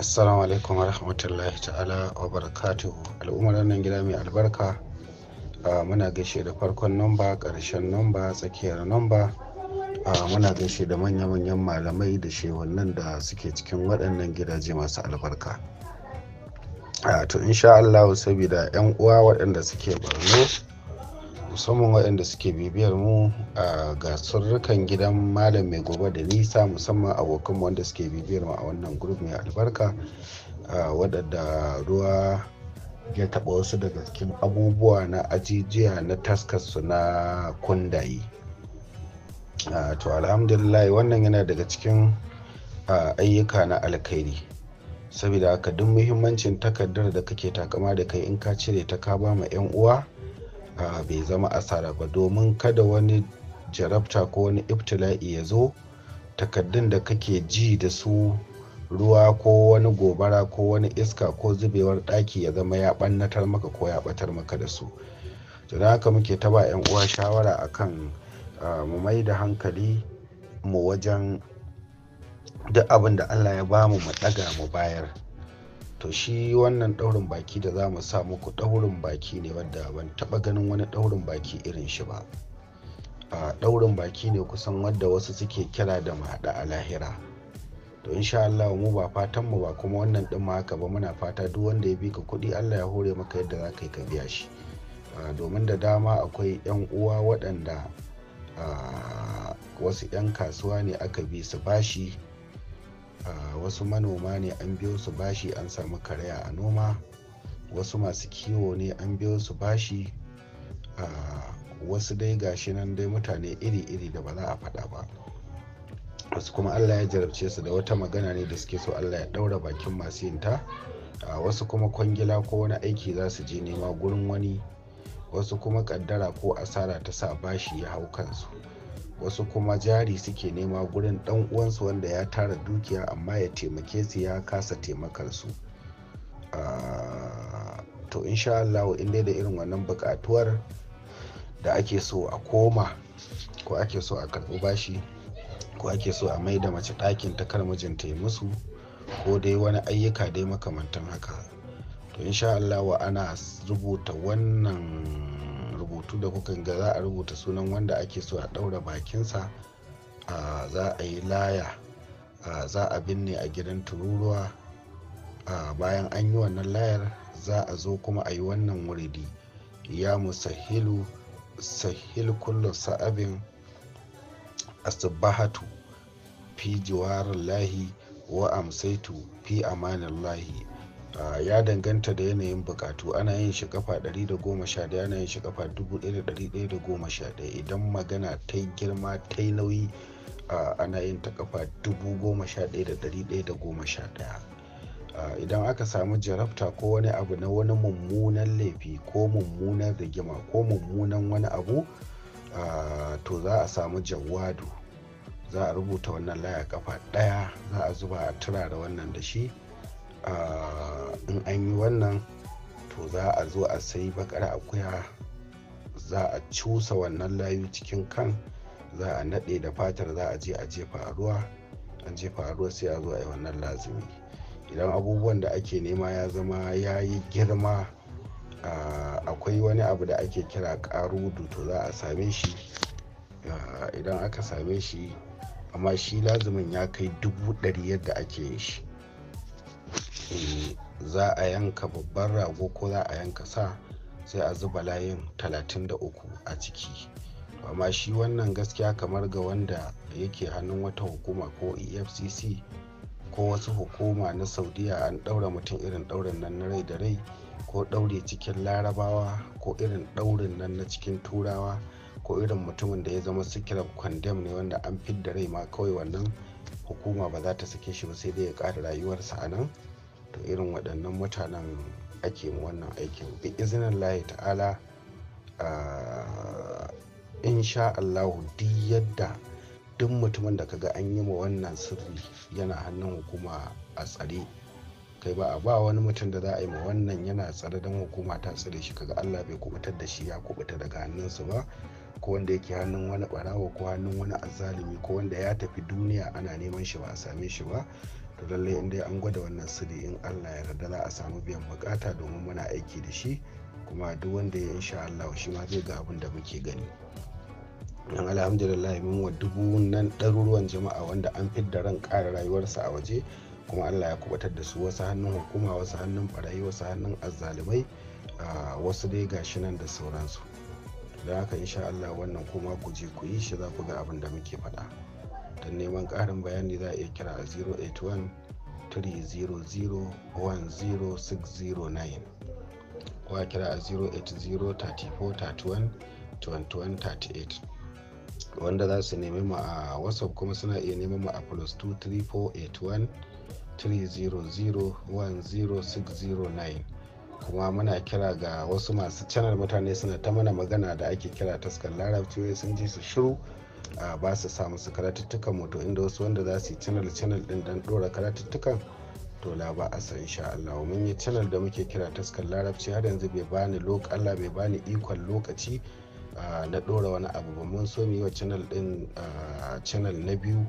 assalamu alaikum wa rahmatullahi ta'ala wa barakatuhu al'ummar nan gida mai albarka muna gaishe da farkon nomba ƙarshen nomba tsakiyar namba muna gaishe da manya-manyan malamai da shewannan da suke cikin waɗannan gidaje masu albarka to insha Allah saboda 'yan uwa waɗanda suke barno musamman waɗanda suke bibiyar mu a gasurrukan gidan malam mai gobe da nisa musamman abokan wanda suke bibiyar mu a wannan grup mai albarka waɗanda ruwa ya taɓa wasu daga cikin abubuwa na ajijiya na taskarsu na kundaye to alhamdulillah wannan yana daga cikin ayyuka na alkhairi saboda haka duk muhimmancin takardar da kake takama da kai in ka cire ta ka ba ma 'yan uwa bai zama asara ba domin kada wani jarabta ko wani iftila'i ya zo takaddun da kake ji da su ruwa ko wani gobara ko wani iska ko zubewar ɗaki ya zama ya ɓannatar maka ko ya ɓatar maka da su don haka muke taba 'yan uwa shawara akan mu mai da hankali mu wajen duk abin da allah ya bamu mu ɗaga mu bayar to shi wannan ɗaurin baki da za mu sa muku ɗaurin baki ne wadda ban taɓa ganin wani ɗaurin baki irin shi ba a ɗaurin baki ne kusan wadda wasu suke kira da mahaɗa a lahira to insha Allah mu ba fatan mu ba kuma wannan ɗin ma haka ba muna fata duk wanda ya bi ka kuɗi Allah ya hore maka yadda za ka yi ka biya shi domin da dama akwai 'yan uwa waɗanda wasu 'yan kasuwa ne aka bi su bashi wasu manoma ne an biyo su bashi an samu karaya a noma wasu masu kiwo ne an biyo su bashi wasu dai gashi nan dai mutane iri-iri da ba za a faɗa ba wasu kuma allah ya jarabce su da wata magana ne da suke so allah ya ɗaura bakin masu yin ta wasu kuma kwangila ko wani aiki za su je nema gurin wani wasu kuma kaddara ko asara ta sa bashi ya hau kansu wasu kuma jari suke nema gurin ɗan uwansu wanda ya tara dukiya amma ya taimake su ya kasa taimakar su ah, to insha Allah in dai da irin wannan buƙatuwar da ake so a koma ko ake so a karɓi bashi ko ake so a mai da mace ɗakin ta kar mijinta yi musu ko dai wani ayyuka dai makamantan haka to insha Allah ana rubuta wannan rubutu da kuka ga za a rubuta sunan wanda ake so a ɗaura bakinsa za a yi laya za a binne a gidan tururuwa bayan an yi wannan layar za a zo kuma a yi wannan wuridi ya musahilu sahil kullum sa'abin asibahatu fi jiwarin lahi wa amsaitu fi amanin lahi ya danganta da yanayin bukatu ana yin shi kafa 111 ana yin shi kafa 1111 idan magana ta girma ta nauyi ana yin ta kafa 11111 idan aka samu jarabta ko wani abu na wani mummunan laifi ko mummunan rigima ko mummunan wani abu to za a samu jawadu za a rubuta wannan laya kafa daya za a zuba a turara wannan da shi in an yi wannan to za a zo a sai bakar akuya za a cusa wannan layu cikin kan za a naɗe da fatar za a je a jefa a ruwa an jefa ruwa sai a zo a yi wannan lazimi idan abubuwan da ake nema ya zama ya yi girma akwai wani abu da ake kira karudu to za a same shi idan aka same shi amma shi lazumin ya kai dubu ɗari yadda ake yin shi za a yanka babban rago ko za a yanka sa sai a zuba layin 33 a ciki amma shi wannan gaskiya kamar ga wanda yake hannun wata hukuma ko efcc ko wasu hukuma na saudiya an ɗaura mutum irin ɗaurin nan na rai da rai ko ɗaure cikin larabawa ko irin ɗaurin nan na cikin turawa ko irin mutumin da ya zama sikirar kwandam ne wanda an fidda rai ma kawai wannan hukuma ba za ta sake shi ba sai dai ya ƙara rayuwarsa a nan to irin waɗannan mutanen ake wannan aikin bi izinin layi ta'ala ah, insha allahu duk yadda duk mutumin da kaga an yi ma wannan sirri yana hannun hukuma a tsare kai ba a ba wani mutum da za a yi ma wannan yana tsare don hukuma ta tsare shi kaga allah bai kubutar da shi ya kubuta daga hannunsu ba ko wanda yake hannun wani barawa ko hannun wani azalimi ko wanda ya tafi duniya ana neman shi ba a same shi ba to lallai in dai an gwada wannan sirri in allah ya yarda za a samu biyan bukata domin muna aiki da shi kuma duk wanda ya insha allah shi ma zai ga abin da muke gani don alhamdulillah mun wa dubu nan ɗaruruwan jama'a wanda an da ran ƙara rayuwarsa a waje kuma allah ya kubatar da su wasu hannun hukuma wasu hannun barayi wasu hannun azzalumai wasu dai gashi nan da sauransu da haka insha allah wannan kuma ku je ku yi shi za ku ga abin da muke faɗa. don neman ƙarin bayani za a iya kira a 081 300 10609 ko a kira a 080 34 31 21 38 wanda za su neme mu a whatsapp kuma suna iya neman mu a plus 23481 300 kuma muna kira ga wasu masu canar mutane suna ta mana magana da ake kira taskar larabci sun ji su shiru ba su samu su karatuttukan mu to inda wasu wanda za su yi channel channel din dan dora karatuttukan to la ba a san insha Allah mun yi channel da muke kira taskar larabci har yanzu bai bani lok Allah bai bani ikon lokaci na dora wani abu ba mun so mu yi wa channel din channel na biyu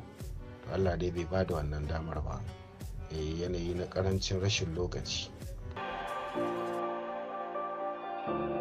to Allah dai bai bada wannan damar ba eh, yanayi na karancin rashin lokaci thank you